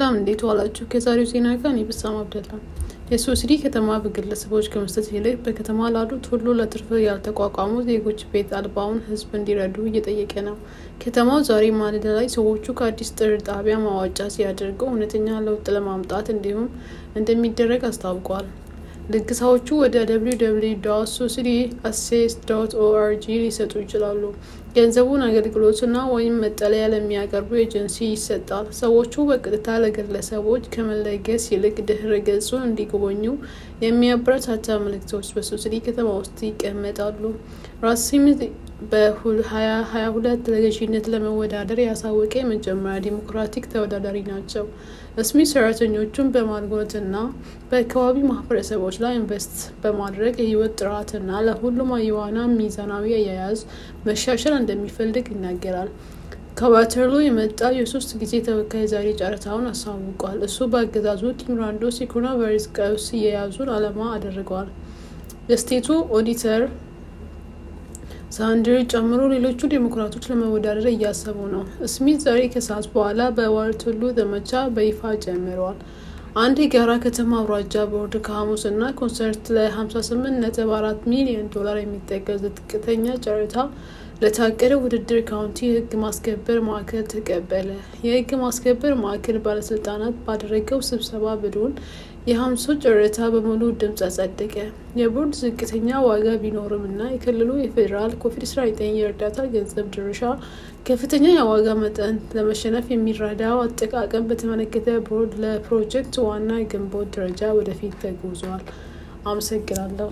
ሰላም እንዴት ዋላችሁ? ከዛሬው ዜና ጋር እኔ ብሳም አብደላ። የሶስዲ ከተማ በግለሰቦች ከመስጠት ይልቅ በከተማ ላሉት ሁሉ ለትርፍ ያልተቋቋሙ ዜጎች ቤት አልባውን ህዝብ እንዲረዱ እየጠየቀ ነው። ከተማው ዛሬ ማለዳ ላይ ሰዎቹ ከአዲስ ጥር ጣቢያ ማዋጫ ሲያደርገው እውነተኛ ለውጥ ለማምጣት እንዲሁም እንደሚደረግ አስታውቋል። ልግሳዎቹ ወደ www.societyaccess ኦርጂ ሊሰጡ ይችላሉ። ገንዘቡን አገልግሎትና ወይም መጠለያ ለሚያቀርቡ ኤጀንሲ ይሰጣል። ሰዎቹ በቀጥታ ለግለሰቦች ከመለገስ ይልቅ ድህረ ገጹን እንዲጎበኙ የሚያበረታታ መልእክቶች በሶሲቲ ከተማ ውስጥ ይቀመጣሉ። በ2022 ለገዢነት ለመወዳደር ያሳወቀ የመጀመሪያ ዲሞክራቲክ ተወዳዳሪ ናቸው። ስሚት ሰራተኞቹን በማልጎትና በአካባቢ ማህበረሰቦች ላይ ኢንቨስት በማድረግ የህይወት ጥራትና ለሁሉም አየዋና ሚዛናዊ አያያዝ መሻሻል እንደሚፈልግ ይናገራል። ከዋተርሎ የመጣ የሶስት ጊዜ ተወካይ ዛሬ ጨረታውን አሳውቋል። እሱ በአገዛዙ ቲም ራንዶስ የኮሮና ቫይረስ ቀውስ የያዙን ዓላማ አደርገዋል። የስቴቱ ኦዲተር ሳንደርን ጨምሮ ሌሎቹ ዴሞክራቶች ለመወዳደር እያሰቡ ነው። ስሚት ዛሬ ከሰዓት በኋላ በዋርትሉ ዘመቻ በይፋ ጀምረዋል። አንድ የጋራ ከተማ አውራጃ ቦርድ ከሐሙስ እና ኮንሰርት ለ58.4 ሚሊዮን ዶላር የሚጠጋ ዝቅተኛ ጨረታ ለታቀደ ውድድር ካውንቲ የህግ ማስከበር ማዕከል ተቀበለ። የህግ ማስከበር ማዕከል ባለስልጣናት ባደረገው ስብሰባ ብሎን የሀምሶ ጨረታ በሙሉ ድምፅ አጸደቀ። የቦርድ ዝቅተኛ ዋጋ ቢኖርም እና የክልሉ የፌዴራል ኮቪድ-19 የእርዳታ ገንዘብ ድርሻ ከፍተኛ የዋጋ መጠን ለመሸነፍ የሚረዳው አጠቃቀም በተመለከተ ቦርድ ለፕሮጀክት ዋና ግንቦት ደረጃ ወደፊት ተጉዟል። አመሰግናለሁ።